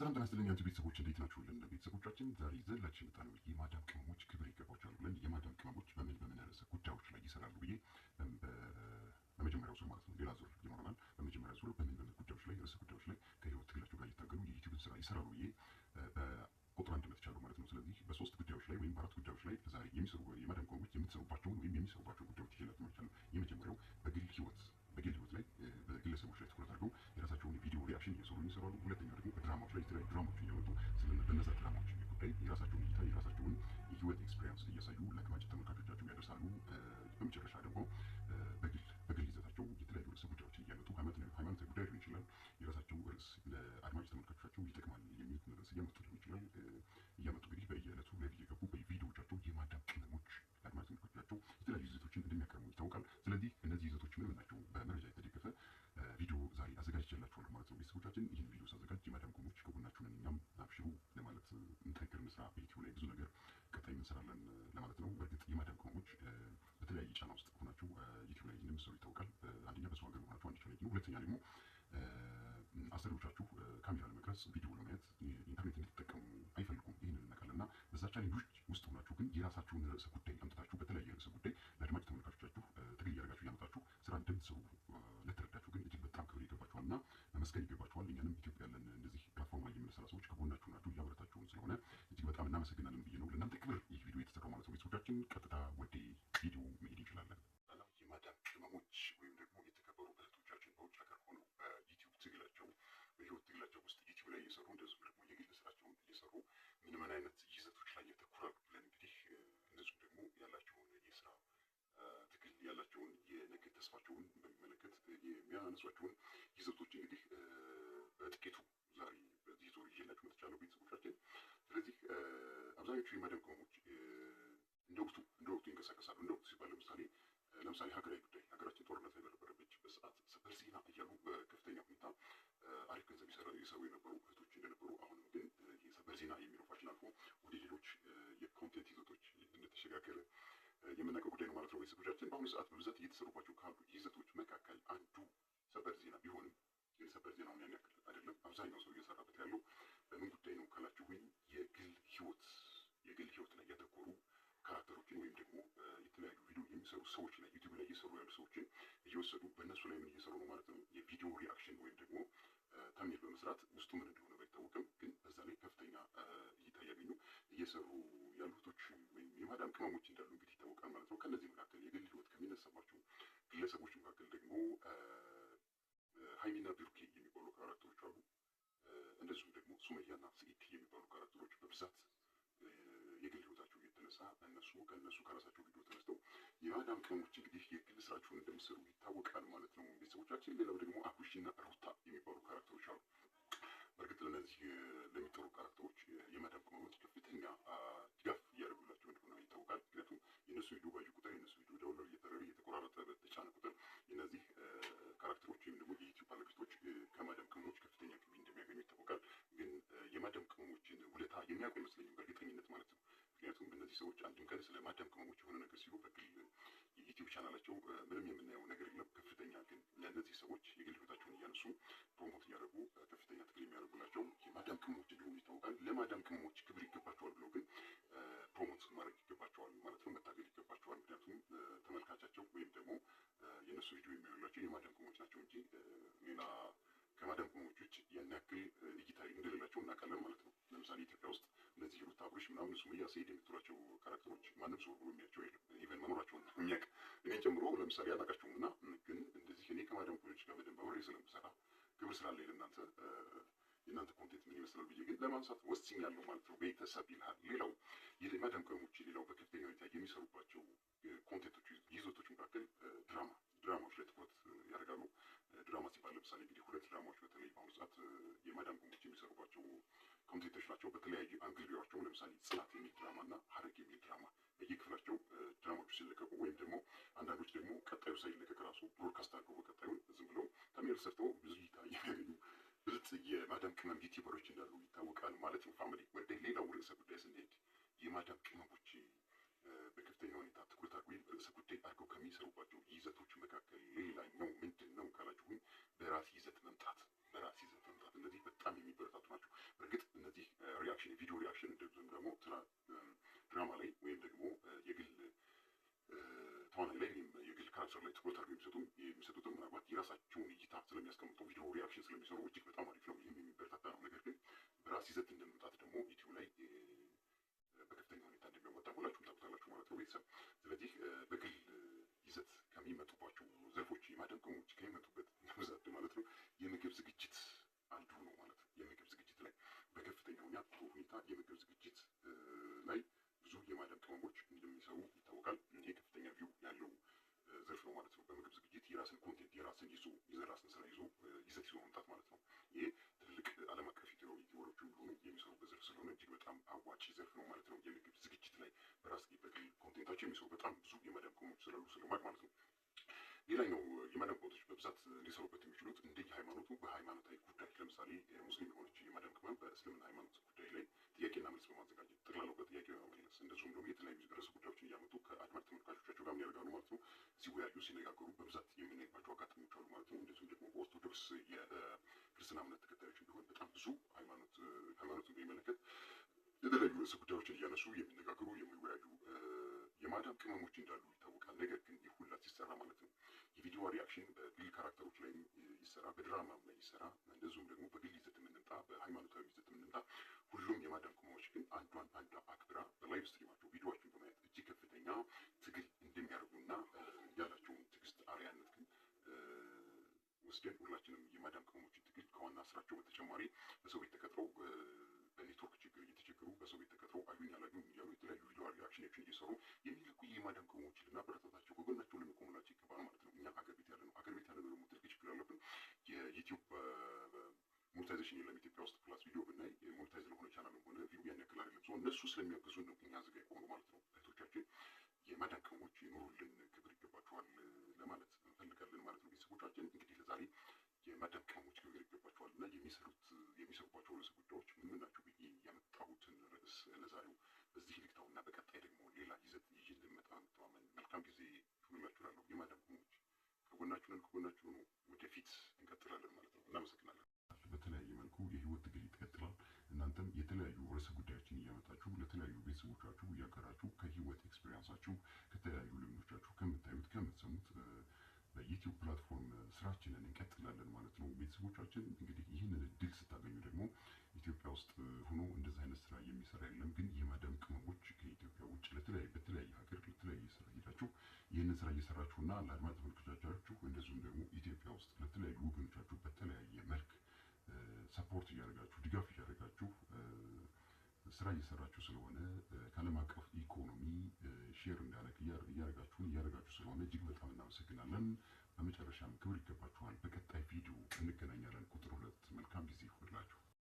ሰላም ጤና ይስጥልኝ አንቺ ቤተሰቦች እንዴት ናችሁ? ልን ቤተሰቦቻችን ዛሬ ዘላችሁ የመጣነው የማዳም ቅመሞች ክብር ይገባቸዋል ብለን የማዳም ቅመሞች በምን በምን ርዕሰ ጉዳዮች ላይ ይሰራሉ ብዬ በመጀመሪያው ዙር ማለት ነው፣ ሌላ ዙር ይኖረናል። በመጀመሪያ ዙር በምን በምን ጉዳዮች ላይ ርዕሰ ጉዳዮች ላይ ከህይወት ትግላቸው ጋር እየታገሉ የዩቲዩብን ስራ ይሰራሉ ብዬ በቁጥር አንድ መጥቻሉ ማለት ነው። ስለዚህ በሶስት ጉዳዮች ላይ ወይም በአራት ጉዳዮች ላይ ዛሬ የሚሰሩ የማዳም ቅመሞች የምትሰሩባቸውን ወይም የሚሰሩባቸው ጉዳዮች ይችላል ማለት ነው። የመጀመሪያው በግል ህይወት በግል ህይወት ላይ በግለሰቦች ላይ ትኩረት አድርገው Ja, ik zie niet zo'n misser, ik moet net drama, drama, ሁለተኛ ደግሞ አሰሪዎቻችሁ ካሜራ ለመቅረጽ ቪዲዮ ለማየት ኢንተርኔት እንድትጠቀሙ አይፈልጉም። ይህንን እናውቃለን እና በዛ ቻሌንጅ ውስጥ ሆናችሁ ግን የራሳችሁን ርዕሰ ጉዳይ አምጥታችሁ በተለያየ ርዕሰ ጉዳይ ለአድማጭ ተመልካቾቻችሁ ትግል እያደረጋችሁ እያመጣችሁ ስራ እንደምትሰሩ ለተረዳችሁ ግን እጅግ በጣም ክብር ይገባችኋል እና መመስገን ይገባችኋል። እኛንም ኢትዮጵያ ያለን እንደዚህ ፕላትፎርም ላይ የምንሰራ ሰዎች ከጎናችሁ ናችሁ፣ እያበረታችሁን ስለሆነ እጅግ በጣም እናመሰግናለን ብዬ ነው። ለእናንተ ክብር ይህ ቪዲዮ የተሰራው ማለት ነው። ቤተሰቦቻችን ቀጥታ ወደ ቪዲዮ ያነሷቸውን ይዘቶች እንግዲህ በጥቂቱ ዛሬ በዚህ ዙር ይዤላችሁ መጥቻለሁ ቤተሰቦቻችን። ስለዚህ አብዛኞቹ የመደብ ቅመሞች እንደ ወቅቱ እንደ ወቅቱ ይንቀሳቀሳሉ። እንደ ወቅቱ ሲባል ለምሳሌ ለምሳሌ ሀገራዊ ጉዳይ ሀገራችን ጦርነት በነበረችበት ሰዓት በዜና እያሉ በከፍተኛ ሁኔታ አሪፍ ገንዘብ ይሰሩ የነበሩ እህቶች እንደነበሩ አሁንም ግን የሰበር ዜና የሚለው ፋሽን አልፎ ወደ ሌሎች የኮንቴንት ይዘቶች እንደተሸጋገረ የምናውቀው ጉዳይ ነው ማለት ነው። ቤተሰቦቻችን በአሁኑ ሰዓት በብዛት እየተሰሩባቸው ካሉ ይዘቶች ነው ማለት ነው። የቪዲዮ ሪያክሽን ወይም ደግሞ ተምኔል በመስራት ውስጡ ምን እንደሆነ ባይታወቅም ግን በዛ ላይ ከፍተኛ እይታ ያገኙ እየሰሩ ያሉ ወይም የማዳም ቅመሞች እንዳሉ እንግዲህ ይታወቃል ማለት ነው። ከእነዚህ መካከል የግል ህይወት ከሚነሳባቸው ግለሰቦች መካከል ደግሞ ሀይሚና ብሩኬ የሚባሉ ካራክተሮች አሉ። እንደዚሁም ደግሞ ሱመያና ስኢድ የሚባሉ ካራክተሮች በብዛት የግል ህይወታቸው እየተነሳ እነሱ ከእነሱ ከራሳቸው ቪዲዮ ተነሳ የማዳም ቅመሞች እንግዲህ የግል ስራቸውን እንደሚሰሩ ይታወቃል ማለት ነው ቤተሰቦቻችን። ሌላው ደግሞ አቡሽ እና ሩታ የሚባሉ ካራክተሮች አሉ። በእርግጥ ለነዚህ ለሚጠሩ ካራክተሮች የማዳም ቅመሞች ከፍተኛ ድጋፍ እያደረጉላቸው እንደሆነ ይታወቃል። ምክንያቱም የእነሱ ቪዲዮ ባዩ ቁጥር፣ የእነሱ ቪዲዮ ዳውንሎድ እየተደረገ እየተቆራረጠ በተጫነ ቁጥር የእነዚህ ካራክተሮች ወይም ደግሞ የኢትዮጵያ ባለቤቶች ከማዳም ቅመሞች ከፍተኛ ገቢ እንደሚያገኙ ይታወቃል። ግን የማዳም ቅመሞችን ውለታ የሚያውቁ አይመስለኝም በእርግጠኝነት ማለት ነው። ምክንያቱም እነዚህ ሰዎች አንድም ቀን ስለ ማዳም ቅመሞች የሆነ ነገር ሲሉ ቻናላቸው ምንም የምናየው ነገር የለም። ከፍተኛ ግን እነዚህ ሰዎች የግል ህይወታቸውን እያነሱ ፕሮሞት እያደረጉ ከፍተኛ ትግል የሚያደርጉላቸው የማዳም ቅመሞች እንደሆኑ ይታወቃል። ለማዳም ቅመሞች ክብር ይገባቸዋል ብለው ግን ፕሮሞት ማድረግ ይገባቸዋል ማለት ነው። መታገል ይገባቸዋል። ምክንያቱም ተመልካቻቸው ወይም ደግሞ የእነሱ ቪዲዮ የሚያዩላቸው የማዳም ቅመሞች ናቸው እንጂ ሌላ ከማዳም ቅመሞች ውጭ ያን ያክል እይታ እንደሌላቸው እናውቃለን ማለት ነው። ለምሳሌ ኢትዮጵያ ውስጥ እነዚህ ሩት አብርሽ ምናምን ሱመያ ሰኢድ ለምሳሌ አላቃችሁም እና ግን እንደዚህ እኔ ከማዳም ኮሌጅ ጋር በደንብ አብሬ ስለምሰራ ክብር ስላለ ለእናንተ የእናንተ ኮንቴንት ምን ይመስላል ብዬ ግን ለማንሳት ያለው ማለት ነው። ቤተሰብ ይልሃል። ሌላው የማዳም ቅመሞች ሌላው በከፍተኛ ሁኔታ የሚሰሩባቸው ኮንቴንቶች ይዞቶች መካከል ድራማ ድራማዎች ላይ ትኩረት ያደርጋሉ። ድራማ ሲባል ለምሳሌ እንግዲህ ሁለት ድራማዎች በተለይ በአሁኑ ሰዓት የማዳም ቅመሞች የሚሰሩባቸው ኮንቴንቶች ናቸው። በተለያዩ አንግል ቢሯቸው ለምሳሌ ጽናት የሚል ድራማ እና ሀረግ የሚል ድራማ በየክፍላቸው ድራማዎቹ ሲለቀቁ ወይም ደግሞ አንዳንዶች የሚሰጡትን የራሳቸውን እይታ ስለሚያስቀምጡ ቪዲዮ ሪያክሽን ስለሚሰሩ በብዛት ሊሰሩበት የሚችሉት እንደ ሃይማኖቱ በሃይማኖታዊ ጉዳይ ለምሳሌ ሙስሊም የሆነች የማዳም ቅመም በእስልምና ሃይማኖት ጉዳይ ላይ ጥያቄና መልስ በማዘጋጀት ጠቅላላው በጥያቄ በመመለስ እንደዚሁም ደግሞ የተለያዩ ርዕሰ ጉዳዮችን እያመጡ ከአድማጭ ተመልካቾቻቸው ጋር ያደርጋሉ ማለት ነው። ሲወያዩ ሲነጋገሩ በብዛት የምናይባቸው አጋጣሚዎች አሉ ማለት ነው። እንደዚሁም ደግሞ በኦርቶዶክስ የክርስትና እምነት ተከታዮች ቢሆን በጣም ብዙ ሃይማኖት ሃይማኖትን በሚመለከት የተለያዩ ርዕሰ ጉዳዮችን እያነሱ የሚነጋገሩ የሚወያዩ የማዳም ቅመሞች እንዳሉ ይታወቃል። ነገር ግን ይህ ሁላ ሲሰራ ማለት ነው የቪዲዮ ሪያክሽን በግል ካራክተሮች ላይ ይሰራ፣ በድራማም ላይ ይሰራ፣ እንደዚሁም ደግሞ በግል ይዘት የምንምጣ፣ በሃይማኖታዊ ይዘት የምንምጣ፣ ሁሉም የማዳም ቅመሞች ግን አንዷን አንዷ አክብራ በላይቭ ስትሪማቸው ቪዲዮዎችን በማየት እጅግ ከፍተኛ ትግል እንደሚያደርጉና ያላቸውን ትዕግስት አርያነት ግን ወስደን ሁላችንም የማዳም ቅመሞችን ትግል ከዋና ስራቸው በተጨማሪ በሰው ቤት ተቀጥረው በኔትወርክ ችግር እየተቸገሩ በሶቪየት ተቀጥሮ አዩኝ አላዩኝ እያሉ የተለያዩ ቪዲዮ ሪያክሽን እየሰሩ የሚልኩ የማዳም ቅሞች ልናበረታታቸው ከጎናቸው ልንቆምላቸው ይገባል ማለት ነው። እኛ ሀገር ቤት ያለ ነው። ሀገር ቤት ያለ ነው ደግሞ ትልቅ ችግር አለብን። የዩቲዩብ ሞኔታይዜሽን የለም ኢትዮጵያ ውስጥ። ፕላስ ቪዲዮ ብናይ ሞኔታይዝ ለሆነ ቻናልም ሆነ ቪው ያን ያክል አይደለም። ሰው እነሱ ስለሚያግዙ ነው እኛ ዝጋ የሆኑ ማለት ነው። እህቶቻችን የማዳም ቅሞች ይኖሩልን፣ ክብር ይገባቸዋል ለማለት እንፈልጋለን ማለት ነው። ቤተሰቦቻችን እንግዲህ ለዛሬ የማዳም ቅሞች ክብር ከጎናችሁ ሆኖ ወደፊት እንቀጥላለን ማለት ነው። እናመሰግናለን። በተለያየ መልኩ የህይወት ትግል ይቀጥላል። እናንተም የተለያዩ ርዕሰ ጉዳዮችን እያመጣችሁ ለተለያዩ ቤተሰቦቻችሁ እያቀራችሁ ከህይወት ኤክስፔሪንሳችሁ ከተለያዩ ልምዶቻችሁ ከምታዩት ከምትሰሙት በዩቲዩብ ፕላትፎርም ስራችንን እንቀጥላለን ማለት ነው። ቤተሰቦቻችን እንግዲህ ይህንን እድል ስታገኙ ደግሞ ኢትዮጵያ ውስጥ ሆኖ እንደዚህ አይነት ስራ የሚሰራ የለም፣ ግን የማዳም ቅመሞች ከኢትዮጵያ ውጭ ለተለያዩ በተለያየ ሀገር ለተለያየ ስራ ሄዳችሁ ይህንን ስራ እየሰራችሁና ለአድማጭ ተመልክቶ እንደዚሁም ደግሞ ኢትዮጵያ ውስጥ ለተለያዩ ወገኖቻችሁ በተለያየ መልክ ሰፖርት እያደረጋችሁ ድጋፍ እያደረጋችሁ ስራ እየሰራችሁ ስለሆነ ከዓለም አቀፍ ኢኮኖሚ ሼር እንዳደረግ እያደረጋችሁን እያደረጋችሁ ስለሆነ እጅግ በጣም እናመሰግናለን። በመጨረሻም ክብር ይገባችኋል። በቀጣይ ቪዲዮ እንገናኛለን። ቁጥር ሁለት መልካም ጊዜ ይሁንላችሁ።